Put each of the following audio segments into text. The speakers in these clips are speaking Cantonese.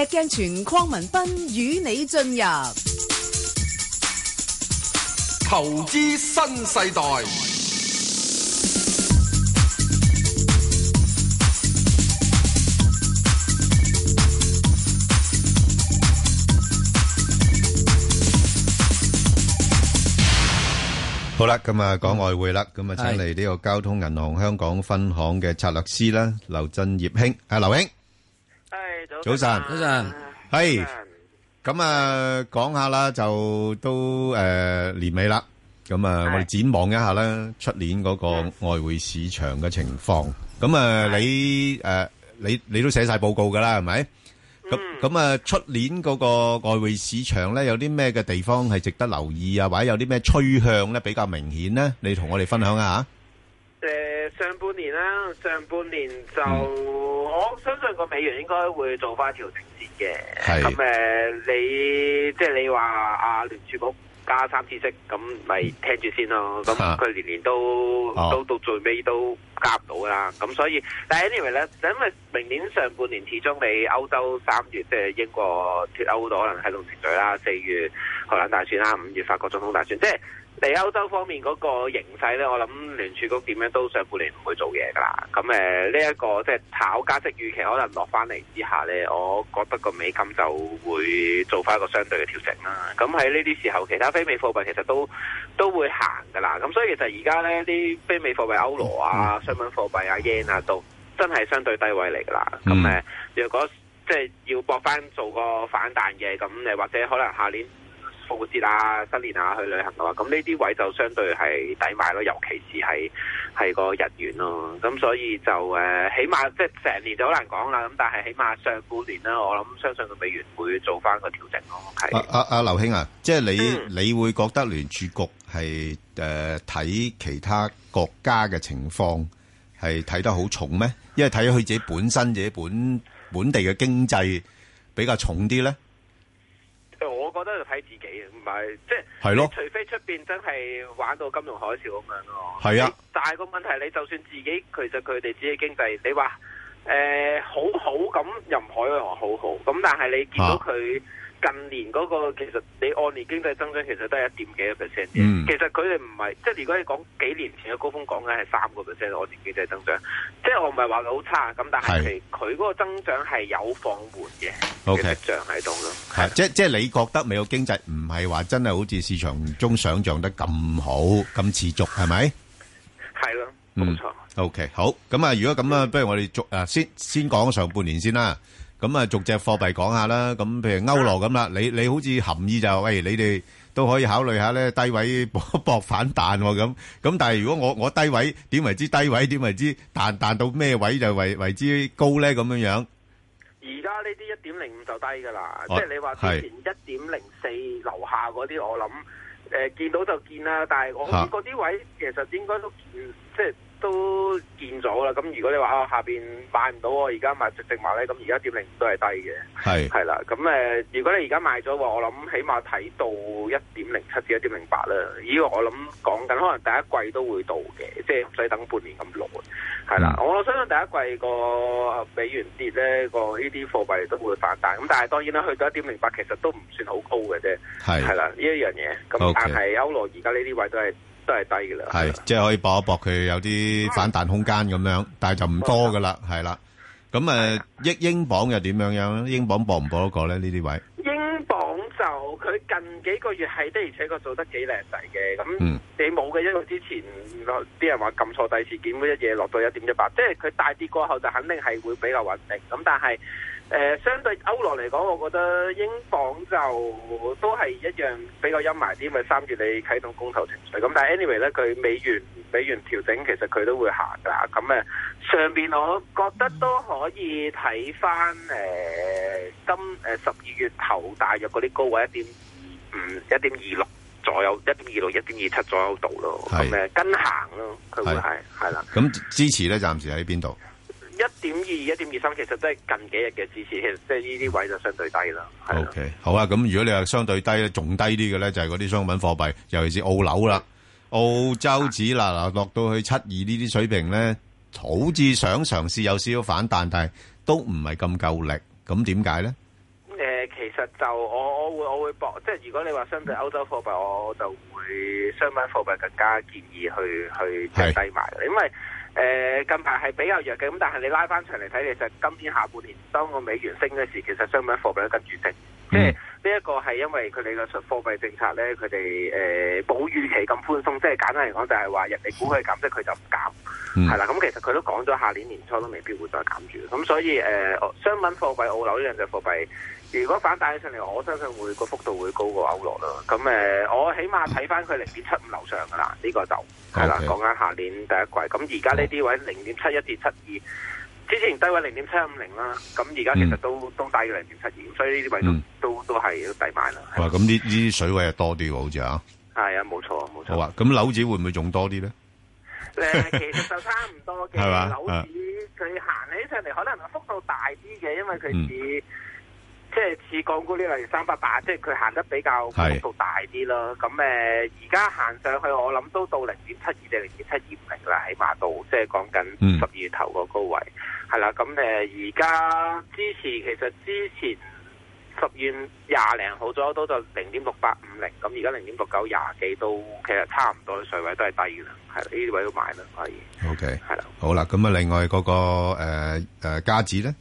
石鏡泉鄺文斌與你進入投資新世代。好啦，咁啊講外匯啦，咁啊請嚟呢個交通銀行香港分行嘅策略師啦，劉振業兄，係劉兄。早晨，早晨，係咁啊！講下啦，就都誒年尾啦，咁啊，我哋展望一下咧，出年嗰個外匯市場嘅情況。咁啊，你誒，你你都寫晒報告噶啦，係咪？咁咁啊，出年嗰個外匯市場咧，有啲咩嘅地方係值得留意啊？或者有啲咩趨向咧比較明顯咧？你同我哋分享下。上半年啦，上半年就、嗯、我相信個美元應該會做翻一條平線嘅。咁誒是，你即係你話阿、啊、聯儲局加三次息，咁咪聽住先咯。咁佢、嗯、年年都、啊、都到最尾都加唔到啦。咁所以，但係 anyway 咧，因為明年上半年始終你歐洲三月即係英國脫歐都可能啟動程序啦，四月荷蘭大選啦，五月法國總統大選，即係。地歐洲方面嗰個形勢咧，我諗聯儲局點樣都上半年唔會做嘢噶啦。咁誒，呢、呃、一個即係炒加息預期可能落翻嚟之下咧，我覺得個美金就會做翻一個相對嘅調整啦。咁喺呢啲時候，其他非美貨幣其實都都會行嘅啦。咁所以其實而家咧，啲非美貨幣歐羅啊、商品貨幣啊、yen 啊都真係相對低位嚟噶啦。咁誒、嗯，如果即係要搏翻做個反彈嘅，咁誒或者可能下年。復活節啊，新年啊，去旅行嘅話，咁呢啲位就相對係抵買咯，尤其是係係個日元咯。咁所以就誒，起碼即係成年就好難講啦。咁但係起碼上半年啦，我諗相信個美元會做翻個調整咯。係阿阿劉兄啊，即係你，你會覺得聯儲局係誒睇其他國家嘅情況係睇得好重咩？因為睇佢自己本身自己本本地嘅經濟比較重啲咧。我都睇自己嘅，唔係即係，咯除非出邊真係玩到金融海嘯咁樣咯。係啊，但係個問題，你就算自己其實佢哋自己經濟，你話誒、欸、好好咁，又唔可以話好好咁，但係你見到佢。 近年嗰、那個其實你按年經濟增長其實都係一點幾個 percent 嘅，嗯、其實佢哋唔係即係，如果你講幾年前嘅高峰講緊係三個 percent 嘅按年經濟增長，即、就、係、是、我唔係話佢好差咁，但係佢嗰個增長係有放緩嘅跡象喺度咯。係 Okay.、啊、即係即係你覺得美國經濟唔係話真係好似市場中想象得咁好咁持續係咪？係咯，冇錯。 嗯、o、okay, K，好咁啊！如果咁啊，嗯、不如我哋做啊，先先講上，上半年先啦。咁啊，逐隻貨幣講下啦。咁譬如歐羅咁啦，你你好似含義就，喂，你哋都可以考慮下咧，低位搏一搏反彈喎。咁咁，但係如果我我低位，點為之低位？點為之彈彈到咩位就為為之高咧？咁樣樣。而家呢啲一點零五就低噶啦，即係你話之前一點零四樓下嗰啲，我諗誒見到就見啦。但係我嗰啲位其實應該都即係。都見咗啦，咁如果你啊話啊下邊買唔到，我而家買直直買咧，咁而家點零五都係低嘅，係係啦。咁誒、呃，如果你而家買咗嘅話，我諗起碼睇到一點零七至一點零八啦。依我諗講緊，可能第一季都會到嘅，即係唔使等半年咁耐，係啦。嗯、我相信第一季個美元跌咧，個呢啲貨幣都會反彈。咁但係當然啦，去到一點零八其實都唔算好高嘅啫，係係啦，呢一樣嘢。咁 Okay. 但係歐羅而家呢啲位都係。都係低嘅啦，係是吧即係可以搏一搏，佢有啲反彈空間咁樣，但係就唔多噶啦，係啦。咁誒，億英鎊又點樣樣咧？英鎊搏唔搏得個咧？呢啲位？英鎊就佢近幾個月係的，而且確做得幾靚仔嘅。咁、嗯、你冇嘅，因為之前啲人話撳錯第二次點，一嘢落到一點一八，即係佢大跌過後就肯定係會比較穩定。咁但係。誒、呃，相對歐羅嚟講，我覺得英鎊就都係一樣比較陰霾啲，因為三月你啟動公投程序，咁但係 anyway 咧，佢美元美元調整，其實佢都會行噶，咁、嗯、啊上邊我覺得都可以睇翻，誒，今誒十二月頭大約嗰啲高位一點二五、一點二六左右、一點二六、一點二七左右度咯，咁誒是、嗯、跟行咯，佢會係係啦。咁支持咧，暫時喺邊度？一點二、一點二三，其實都係近幾日嘅支持，其實即係呢啲位就相對低啦。O K，好啊，咁如果你話相對低咧，仲低啲嘅咧，就係嗰啲商品貨幣，尤其是澳樓啦，澳洲紙嗱嗱落到去七二呢啲水平咧，好似想嘗試有少少反彈，但係都唔係咁夠力。咁點解咧？誒，其實就我我會我會博，即係如果你話相對歐洲貨幣，我就會商品貨幣更加建議去去低埋，因為。誒近排係比較弱嘅，咁但係你拉翻長嚟睇，其實今年下半年當個美元升嘅時，其實商品貨幣都跟住升，即係呢一個係因為佢哋嘅貨幣政策咧，佢哋誒冇預期咁寬鬆，即係簡單嚟講就係話人哋估佢減息佢就唔減，係啦，咁、嗯、其實佢都講咗下年年初都未必會再減住，咁所以誒、呃、商品貨幣澳紐呢兩隻貨幣。如果反彈起上嚟，我相信會個幅度會高過歐羅啦。咁誒、呃，我起碼睇翻佢零點七五樓上噶啦，呢、呢個就係啦。講緊 Okay. 下年第一季，咁而家呢啲位零點七一至七二，之前低位零點七五零啦。咁而家其實都、嗯、都帶住零點七二，所以呢啲位都都都係要抵買啦。嗯、的哇！咁呢呢啲水位係多啲喎，好似啊。係啊，冇錯冇錯。啊，咁樓子會唔會仲多啲咧？誒， 其實就差唔多嘅樓 吧子佢行起上嚟可能個幅度大啲嘅，因為佢止。嗯即係似港股呢類三百八，即係佢行得比較幅度大啲咯。咁誒是，而家行上去，我諗都到零點七二定零點七二五零啦，起碼到即係講緊十二月頭個高位，係啦、嗯。咁誒，而家支持其實之前十月廿零號左右都到零點六八五零，咁而家零點六九廿幾都其實差唔多嘅水位都係低嘅啦。係呢啲位都買啦，可以。OK，係啦的，好啦，咁啊，另外嗰、那個誒、呃呃、加指咧。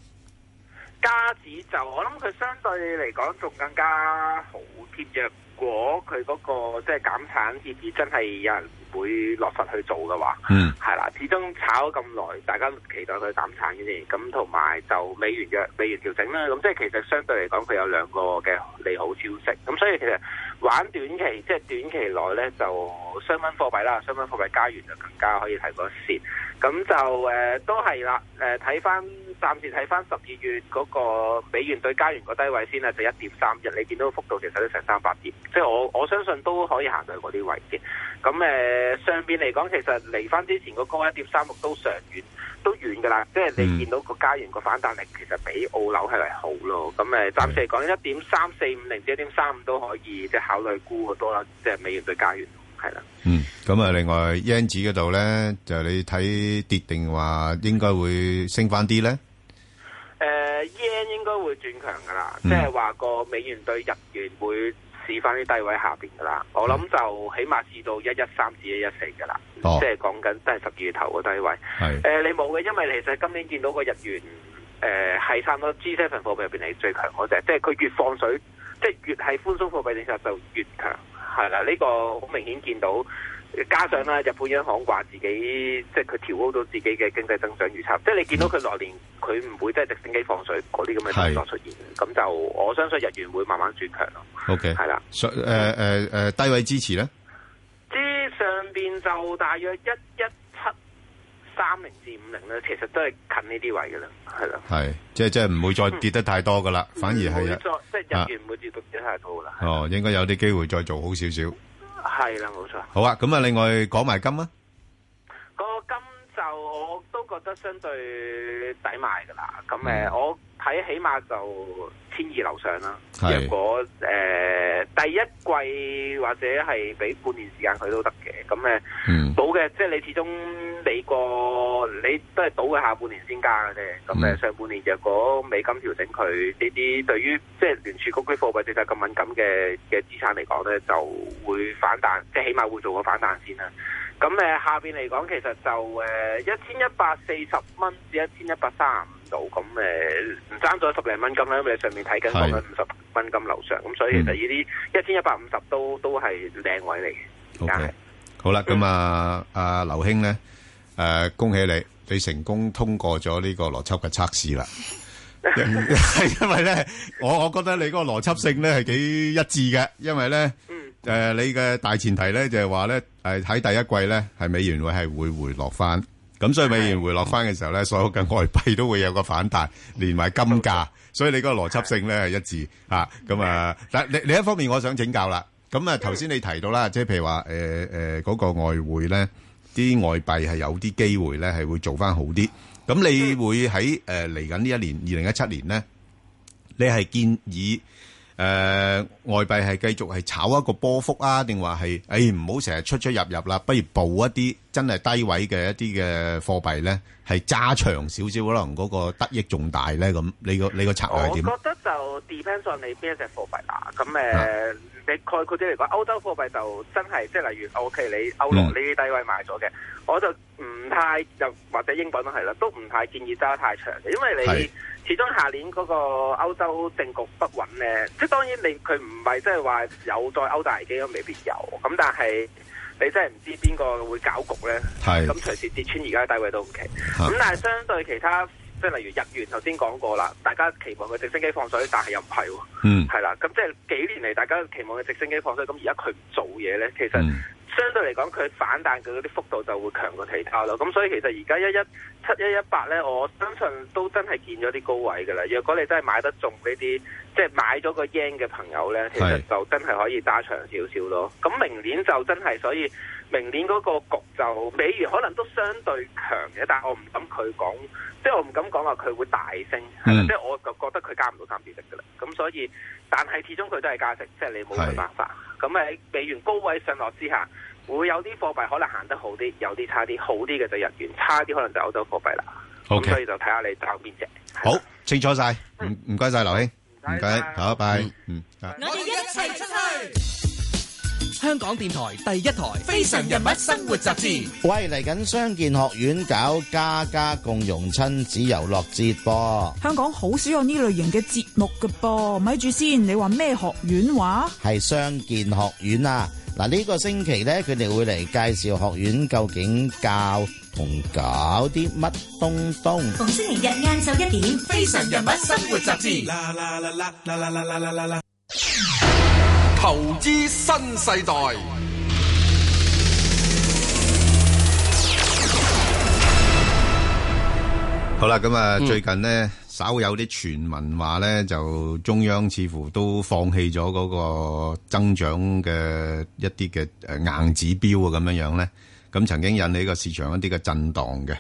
沙子，就我諗佢相對嚟講仲更加好貼，若果佢嗰個即係減產協議真係有人會落實去做嘅話，嗯，係啦，始終炒咗咁耐，大家期待佢減產嘅啫，咁同埋就美元嘅美元調整啦，咁即係其實相對嚟講佢有兩個嘅利好消息，咁所以其實。玩短期，即係短期內咧，就商品貨幣啦，商品貨幣加元就更加可以提個線。咁就誒、呃，都係啦。誒、呃，睇翻，暫時睇翻十二月嗰、那個美元對加元個低位先啊，就一點三一，你見到幅度其實都成三百點，即係我我相信都可以行到嗰啲位先。咁誒，上邊嚟講，其實離翻之前個高一點三六都常遠，都遠㗎啦。即係你見到個加元個反彈力其實比澳紐係咪好咯。咁誒，暫時嚟講，一點三四五零至一點三五都可以即係。考慮沽好多啦，即係美元對加元，係啦。嗯，咁啊，另外 yen 指嗰度咧，就你睇跌定話，應該會升翻啲咧。誒，yen、呃、應該會轉強噶啦，即係話個美元對日元會試翻啲低位下邊噶啦。嗯、我諗就起碼試到一一三至一一四噶啦，即係講緊即係十二月頭嘅低位。係誒是、呃，你冇嘅，因為其實今年見到個日元誒係差唔多，G7 份貨幣入邊係最強嗰隻，即係佢越放水。即係越係寬鬆貨幣政策就越強，係啦，呢、這個好明顯見到。加上啦，日本央行話自己即係佢調高到自己嘅經濟增長預測，嗯、即係你見到佢來年佢唔會即係直升機放水嗰啲咁嘅情況出現，咁是就我相信日元會慢慢轉強咯。係啦 Okay. 的，So 誒誒誒低位支持咧，之上邊就大約一一，三零至五零咧，其實都係近呢啲位嘅啦，係啦，係即係即係唔會再跌得太多噶啦，嗯、反而係冇錯、啊、即係入邊唔會跌到太多啦。哦，的應該有啲機會再做好少少，係啦，冇錯。好啊，咁啊，另外講埋金啊。我都覺得相對抵買噶啦，咁誒，嗯、我睇起碼就千二樓上啦。若是果誒、呃、第一季或者係俾半年時間佢都得嘅，咁誒，倒嘅、嗯，即係你始終美國你都係倒個下半年先加嘅啫。咁誒，嗯、上半年若果美金調整佢呢啲，對於即係聯儲局對貨幣政策咁敏感嘅嘅資產嚟講咧，就會反彈，即係起碼會做個反彈先啦。咁誒，下邊嚟講，其實就誒一千一百四十蚊至一千一百三十五度，咁誒唔爭咗十零蚊咁啦，因為你上面睇緊講緊五十蚊咁樓上，咁是所以第二啲一千一百五十都都係靚位嚟嘅。Okay. 是好嘅，好啦，咁、嗯、啊，阿劉兄咧，誒、啊，恭喜你，你成功通過咗呢個邏輯嘅測試啦。 因為咧，我我覺得你嗰個邏輯性咧係幾一致嘅，因為咧。嗯誒，你嘅大前提咧，就係話咧，誒喺第一季咧係美元會係會回落翻，咁所以美元回落翻嘅時候咧，所有嘅外幣都會有個反彈，連埋金價，所以你個邏輯性咧係一致吓，咁啊，但你你另一方面我想請教啦，咁啊頭先你提到啦，即係譬如話誒誒嗰個外匯咧，啲外幣係有啲機會咧係會做翻好啲，咁你會喺誒嚟緊呢一年二零一七年咧，你係建議？誒、呃、外幣係繼續係炒一個波幅啊，定話係誒唔好成日出出入入啦，不如佈一啲真係低位嘅一啲嘅貨幣咧，係揸長少少，可能嗰個得益重大咧咁。你個你個策略係點？我覺得就 depends on 你邊一隻貨幣啦、啊。咁誒，呃啊、你概括啲嚟講，歐洲貨幣就真係即係例如 O、OK, K，你歐羅呢啲低位買咗嘅，嗯、我就唔太就或者英鎊都係啦，都唔太建議揸太長，因為你。始終下年嗰個歐洲政局不穩咧，即係當然你佢唔係即係話有再歐大危機都未必有，咁但係你真係唔知邊個會搞局咧。係是，咁隨時跌穿而家低位都唔奇。咁是但係相對其他，即係例如日元，頭先講過啦，大家期望嘅直升機放水，但係又唔係喎。嗯，係啦，咁即係幾年嚟大家期望嘅直升機放水，咁而家佢唔做嘢咧，其實。嗯相對嚟講，佢反彈佢嗰啲幅度就會強過其他咯。咁所以其實而家一一七一一八咧，我相信都真係見咗啲高位噶啦。若果你真係買得中呢啲，即係買咗個英嘅朋友咧，其實就真係可以揸長少少咯。咁是明年就真係，所以明年嗰個局就美元可能都相對強嘅，但係我唔敢佢講，即係我唔敢講話佢會大升，即係、嗯、我就覺得佢加唔到三點一噶啦。咁所以，但係始終佢都係價值，即、就、係、是、你冇佢辦法。咁喺、嗯、美元高位上落之下，會有啲貨幣可能行得好啲，有啲差啲。好啲嘅就日元，差啲可能就歐洲貨幣啦。好，Okay. 所以就睇下你炒邊隻。好，吧清楚晒，唔唔，該晒劉兄，唔該，好拜。嗯。我哋一齊出去。香港電台第一台《非常人物生活雜誌》喂，嚟緊商健學院搞家家共融親子遊樂節噃。香港好少有呢類型嘅節目嘅噃，咪住先，你話咩學院話？係商健學院啊！嗱，呢個星期咧，佢哋會嚟介紹學院究竟教同搞啲乜東東。逢星期日晏晝一點，《非常人物生活雜誌》。投資新世代。好啦，咁啊，嗯、最近呢，稍有啲傳聞話呢，就中央似乎都放棄咗嗰個增長嘅一啲嘅硬指標啊，咁樣樣呢，咁曾經引起個市場一啲嘅震盪嘅。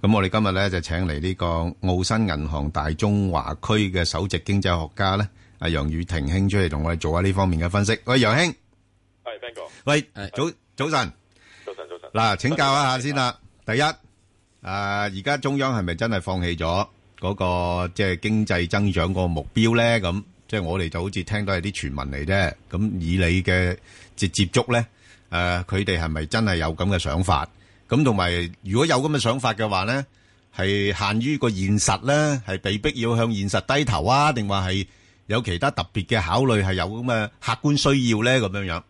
咁我哋今日呢，就請嚟呢個澳新銀行大中華區嘅首席經濟學家呢。阿楊宇霆兄出嚟同我哋做下呢方面嘅分析。喂，楊兄，係 Ben 哥。喂，早早晨，早晨早晨嗱，請教一下先啦。第一，誒，而家中央係咪真係放棄咗嗰個即係經濟增長個目標咧？咁即係我哋就好似聽到係啲傳聞嚟啫。咁以你嘅接接觸咧，誒，佢哋係咪真係有咁嘅想法？咁同埋，如果有咁嘅想法嘅話咧，係限於個現實咧，係被逼要向現實低頭啊？定話係？有其他特別嘅考慮係有咁嘅客觀需要咧，咁樣樣。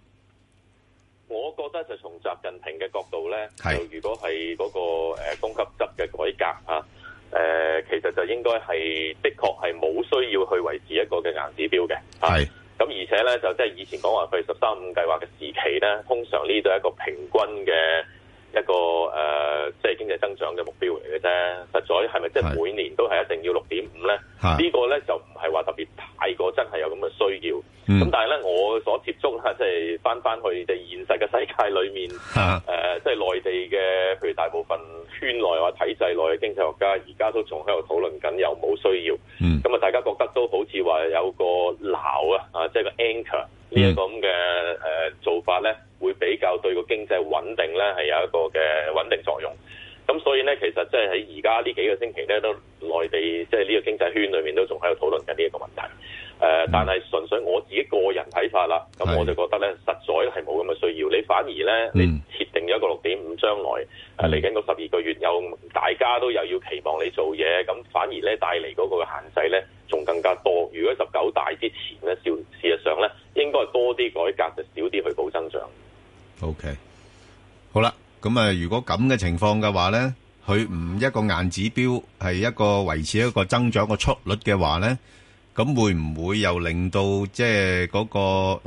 我覺得就從習近平嘅角度咧，是就如果係嗰、那個、呃、供給側嘅改革啊，誒、呃、其實就應該係的確係冇需要去維持一個嘅硬指標嘅。係、啊。咁是、啊、而且咧就即係以前講話譬如十三五計劃嘅時期咧，通常呢度係一個平均嘅。一個誒，即、呃、係、就是、經濟增長嘅目標嚟嘅啫。實在係咪即係每年都係一定要六點五咧？啊、個呢個咧就唔係話特別太過真係有咁嘅需要。咁、嗯、但係咧，我所接觸、就是、啊，即係翻翻去哋現實嘅世界裏面誒，即係內地嘅，譬如大部分圈內或體制內嘅經濟學家，而家都仲喺度討論緊有冇需要。咁啊、嗯，嗯、大家覺得都好似話有個鬧啊，啊，即、就、係、是、個 anchor。呢一個咁嘅誒做法咧，會比較對個經濟穩定咧係有一個嘅穩定作用。咁所以咧，其實即係喺而家呢幾個星期咧，都內地即係呢個經濟圈裏面都仲喺度討論緊呢一個問題。誒，嗯、但係純粹我自己個人睇法啦，咁是我就覺得呢，實在係冇咁嘅需要。你反而呢，嗯、你設定咗一個六點五，將、嗯啊、來嚟緊嗰十二個月又大家都又要期望你做嘢，咁反而呢，帶嚟嗰個限制呢，仲更加多。如果十九大之前呢，事事實上呢，應該多啲改革，就少啲去保增長。O、okay. K，好啦，咁啊，如果咁嘅情況嘅話呢，佢唔一個硬指標係一個維持一個增長個速率嘅話呢。咁會唔會又令到即係嗰個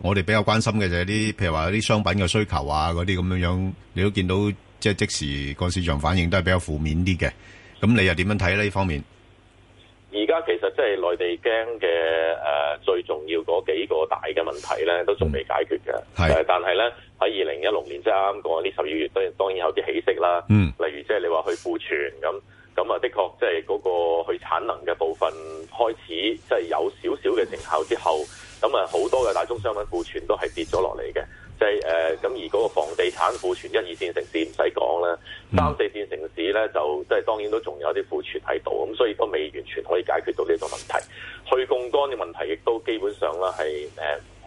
我哋比較關心嘅就係啲，譬如話啲商品嘅需求啊，嗰啲咁樣樣，你都見到即係即時個市場反應都係比較負面啲嘅。咁你又點樣睇呢方面？而家其實即係內地驚嘅誒，最重要嗰幾個大嘅問題咧，都仲未解決嘅。係、嗯，但係咧喺二零一六年即係啱啱過呢十二月，都當然有啲起色啦。嗯，例如即係你話去庫存咁。咁啊，的確即係嗰個去產能嘅部分開始，即係有少少嘅成效之後，咁啊好多嘅大宗商品庫存都係跌咗落嚟嘅。即係誒，咁、呃、而嗰個房地產庫存，一二線城市唔使講啦，三四線城市咧就即係當然都仲有啲庫存喺度，咁所以都未完全可以解決到呢個問題。去槓桿嘅問題亦都基本上啦，係誒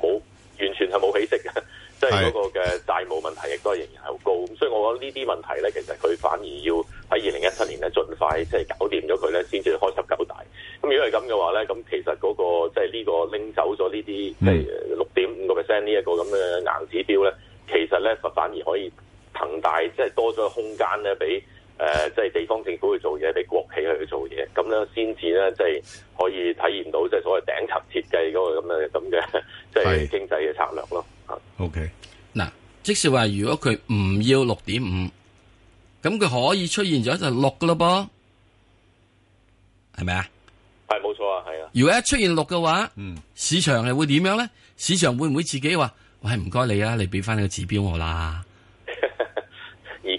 冇完全係冇起色嘅。即係嗰個嘅債務問題亦都仍然係好高，咁所以我覺得呢啲問題咧，其實佢反而要喺二零一七年咧，盡快即係搞掂咗佢咧，先至開十九大。咁如果係咁嘅話咧，咁其實嗰個即係呢個拎走咗呢啲即係六點五個 percent 呢一個咁嘅硬指標咧，其實咧反反而可以膨大，即係多咗個空間咧俾。比誒、呃，即係地方政府去做嘢，俾國企去去做嘢，咁樣先至咧，即係可以體現到即係所謂頂層設計嗰個咁樣咁嘅即係經濟嘅策略咯。O K，嗱，即使話如果佢唔要六點五，咁佢可以出現咗就六噶咯噃，係咪啊？係冇錯啊，係啊。如果一出現六嘅話，嗯，市場係會點樣咧？市場會唔會自己話，喂，唔該你啊，你俾翻你個指標我啦。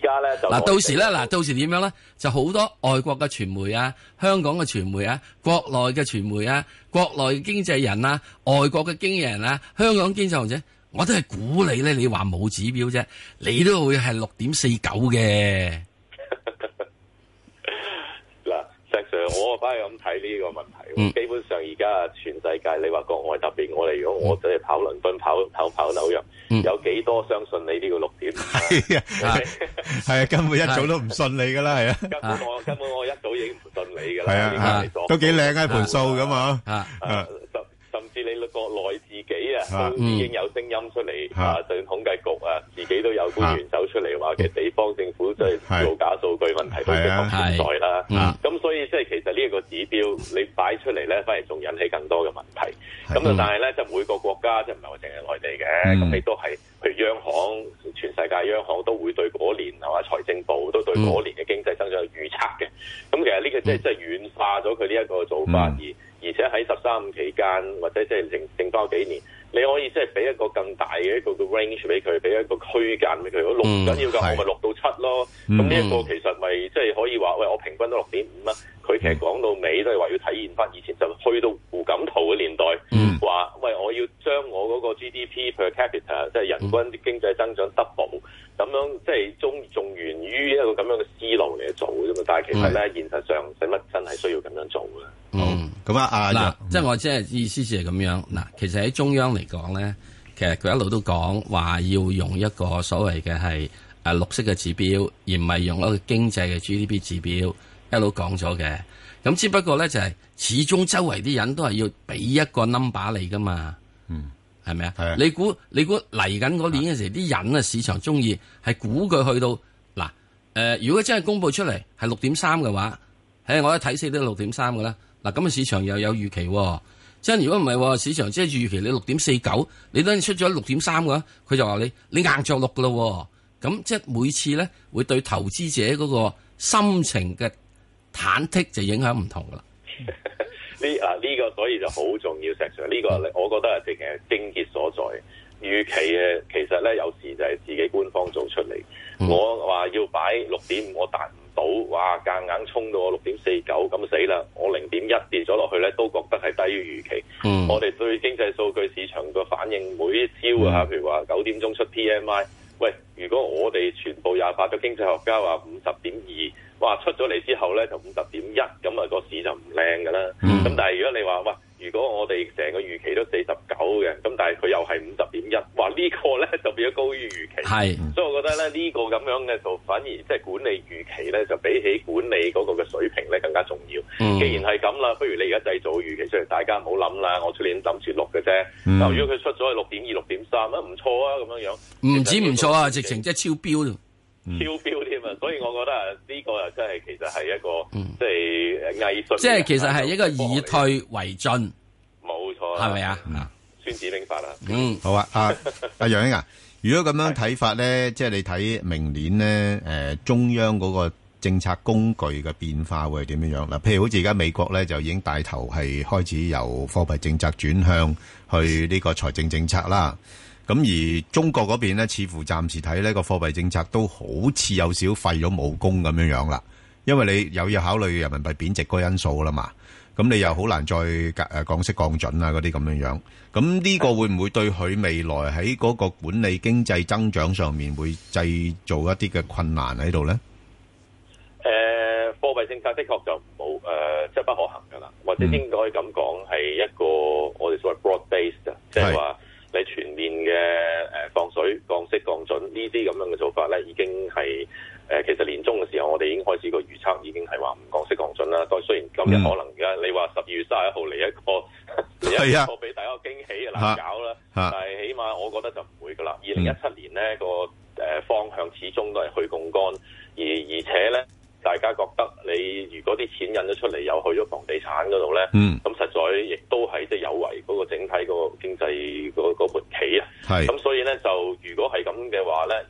嗱，到時咧，嗱，到時點樣咧？就好多外國嘅傳媒啊，香港嘅傳媒啊，國內嘅傳媒啊，國內經濟人啊、外國嘅經濟人啊、香港經濟學者，我都係鼓勵咧，你話冇指標啫，你都會係六點四九嘅。我反而咁睇呢個問題。基本上而家啊，全世界你話國外，特別我哋如果我走去跑倫敦、跑跑跑紐約，有幾多相信你呢個六點？係啊，根本一早都唔信你噶啦，係啊，根本我根本我一早已經唔信你噶啦，都幾靚啊，盤數咁啊，甚甚至你國內自己啊，已經有聲音出嚟啊，就算統計局啊，自己都有官員走出嚟話，其實地方政府真係造假數據問題都幾存在啦，指標你擺出嚟咧，反而仲引起更多嘅問題。咁就但係咧，就每個國家就唔係話淨係內地嘅，咁你、嗯、都係譬如央行、全世界央行都會對嗰年係嘛，財政部都對嗰年嘅經濟增長有預測嘅。咁其實呢個即係即係軟化咗佢呢一個做法，而、嗯、而且喺十三五期間或者即係剩剩翻幾年，你可以即係俾一個更大嘅一個嘅 range 俾佢，俾一個區間俾佢、嗯。如果六唔緊要㗎，的我咪六到七咯。咁呢一個其實咪即係可以話，喂，我平均都六點五蚊。佢其實講到。你都係話要體現翻以前就去到胡錦濤嘅年代，話、嗯、喂，我要將我嗰個 GDP per capita，即係人均經濟增長 double，咁、嗯、樣，即係中仲源於一個咁樣嘅思路嚟做啫嘛。但係其實咧，嗯、現實上使乜真係需要咁樣做咧？嗯，咁、嗯、啊，啊嗱，嗯、即係我即係意思是係咁樣嗱。其實喺中央嚟講咧，其實佢一路都講話要用一個所謂嘅係啊綠色嘅指標，而唔係用一個經濟嘅 GDP 指標，一路講咗嘅。咁只不過咧就係始終周圍啲人都係要俾一個 number 你噶嘛，嗯，係咪啊？你估你估嚟緊嗰年嘅時啲人啊，市場中意係估佢去到嗱，誒、呃，如果真係公布出嚟係六點三嘅話，誒，我一睇四都係六點三嘅啦。嗱，咁啊市場又有預期、啊，即係如果唔係，市場即係預期你六點四九，你等你出咗六點三嘅話，佢就話你你硬着陸噶咯。咁即係每次咧會對投資者嗰個心情嘅。忐忑就影響唔同啦，呢啊呢個所以就好重要，石 Sir 呢個我覺得係正係癥結所在。預期嘅其實咧，有時就係自己官方做出嚟。嗯、我話要擺六點五，我達唔到，哇！夾硬衝到我六點四九，咁死啦！我零點一跌咗落去咧，都覺得係低於預期。嗯、我哋對經濟數據市場個反應，每一朝啊，嗯、譬如話九點鐘出 P M I，喂！如果我哋全部廿八個經濟學家話五十點二。哇！出咗嚟之後咧，就五十點一咁啊，個市就唔靚嘅啦。咁、嗯、但係如果你話哇，如果我哋成個預期都四十九嘅，咁但係佢又係五十點一，哇！這個、呢個咧就變咗高於預期。係是，所以我覺得咧呢、這個咁樣嘅就反而即係管理預期咧，就比起管理嗰個嘅水平咧更加重要。嗯、既然係咁啦，不如你而家製造預期出嚟，大家唔好諗啦，我出年都諗住六嘅啫。嗱、嗯，如果佢出咗係六點二、六點三啊，唔錯啊，咁樣樣唔止唔錯啊，直情即係超標，超標。嗯所以我覺得啊，呢個啊真係其實係一個、嗯、即係是藝術。即係其實係一個以退為進，冇錯，係咪啊？孫子兵法啦。嗯，嗯，好啊，阿阿、 啊、楊英啊，如果咁樣睇法咧， 即係你睇明年咧，誒、呃、中央嗰個政策工具嘅變化會係點樣樣嗱？譬如好似而家美國咧就已經帶頭係開始由貨幣政策轉向去呢個財政政策啦。咁而中國嗰邊呢，似乎暫時睇呢個貨幣政策都好似有少少廢咗武功咁樣樣啦，因為你又要考慮人民幣貶值個因素啦嘛，咁你又好難再誒降息降準啊嗰啲咁樣樣。咁呢個會唔會對佢未來喺嗰個管理經濟增長上面會製造一啲嘅困難喺度呢？誒貨幣政策的確就冇誒，即係不可行噶啦，或者應該咁講係一個我哋所謂 broad based 嘅，即係話。你全面嘅誒放水、降息、降準呢啲咁樣嘅做法咧，已經係誒、呃、其實年終嘅時候，我哋已經開始個預測，已經係話唔降息、降準啦。但雖然今日可能而家、嗯、你話十二月卅一號嚟一個係啊，俾 大家驚喜就難搞啦。但係起碼我覺得就唔會噶啦。二零一七年咧個誒方向始終都係去槓桿，而而且咧。大家覺得你如果啲錢印咗出嚟，又去咗房地產嗰度咧，咁、嗯、實在亦都係即係有為嗰個整體個經濟個個活企啊。咁是所以咧，就如果係咁嘅話咧，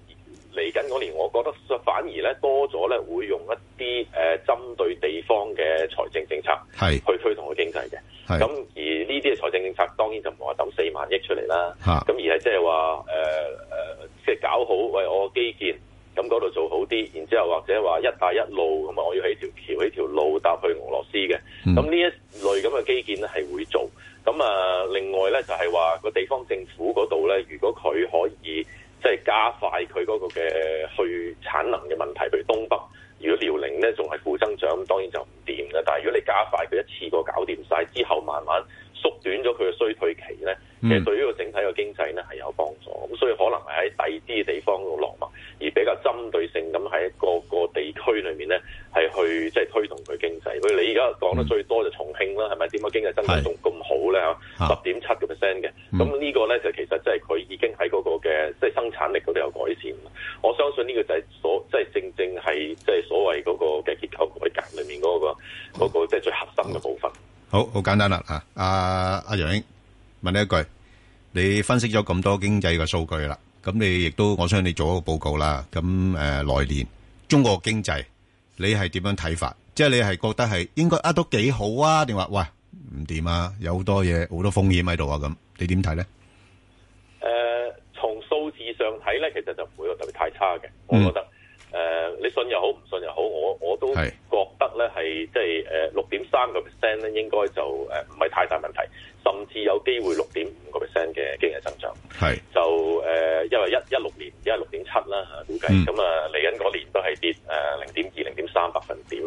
嚟緊嗰年，我覺得反而咧多咗咧，會用一啲誒、呃、針對地方嘅財政政策是去推動個經濟嘅。咁是而呢啲嘅財政政策當然就唔係話抌四萬億出嚟啦，咁、啊、而係即係話誒誒，即、呃、係、呃、搞好為我基建，咁嗰度做好啲，然之後或者話一帶一路咁啊，我要起條橋、起條路搭去俄羅斯嘅。咁呢一類咁嘅基建咧係會做。咁啊，另外咧就係話個地方政府嗰度咧，如果佢可以即係加快佢嗰個嘅去產能嘅問題，譬如東北，如果遼寧咧仲係負增長，咁當然就唔掂嘅。但係如果你加快佢一次過搞掂晒之後，慢慢縮短咗佢嘅衰退期咧，其實對於個整體嘅經濟咧係有幫助。咁所以可能係喺第二啲嘅地方度點解經濟增長仲咁好咧？吓，十點七個 percent 嘅，咁呢個咧就其實即係佢已經喺嗰個嘅即係生產力嗰度有改善。我相信呢個就係所即係正正係即係所謂嗰個嘅結構改革裏面嗰個嗰個即係最核心嘅部分。好好簡單啦，吓，阿阿楊英問你一句：你分析咗咁多經濟嘅數據啦，咁你亦都我相信你做咗個報告啦。咁誒，來年中國經濟你係點樣睇法？即係你係覺得係應該啊都幾好啊？定話喂？唔掂啊！有好多嘢，好多風險喺度啊！咁你點睇咧？誒、呃，從數字上睇咧，其實就唔會有特別太差嘅。嗯、我覺得誒、呃，你信又好，唔信又好，我我都是覺得咧係即係誒六點三個 percent 咧，應該就誒唔係太大問題，甚至有機會六點五個 percent 嘅經濟增長。係是就誒、呃，因為一一六年已經係六點七啦吓，估計咁啊，嚟緊嗰年都係跌。份表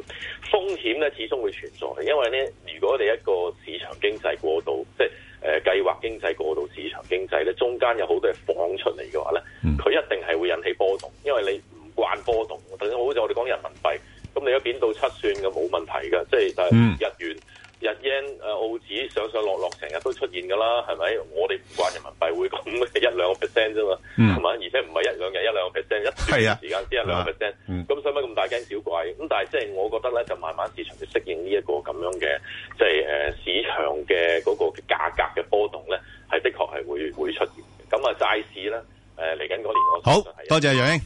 風險咧，始終會存在，因為咧，如果你一個市場經濟過渡，即係誒計劃經濟過渡，市場經濟咧，中間有好多嘢放出嚟嘅話咧，佢、嗯、一定係會引起波動，因為你唔慣波動，等等，好似我哋講人民幣，咁你一貶到七算咁冇問題㗎，即係就係日元、日 yen、澳紙上上落落，成日都出現㗎啦，係咪？我哋唔慣人民幣會咁嘅一兩個 percent 啫嘛，係咪？啊、時間只係兩 percent，咁使乜咁大驚小怪？咁、啊嗯、但係即係我覺得咧，就慢慢市場就適應呢一個咁樣嘅，即係誒市場嘅嗰個價格嘅波動咧，係的確係會會出現。咁啊，債市咧，誒嚟緊嗰年好我好多謝楊英。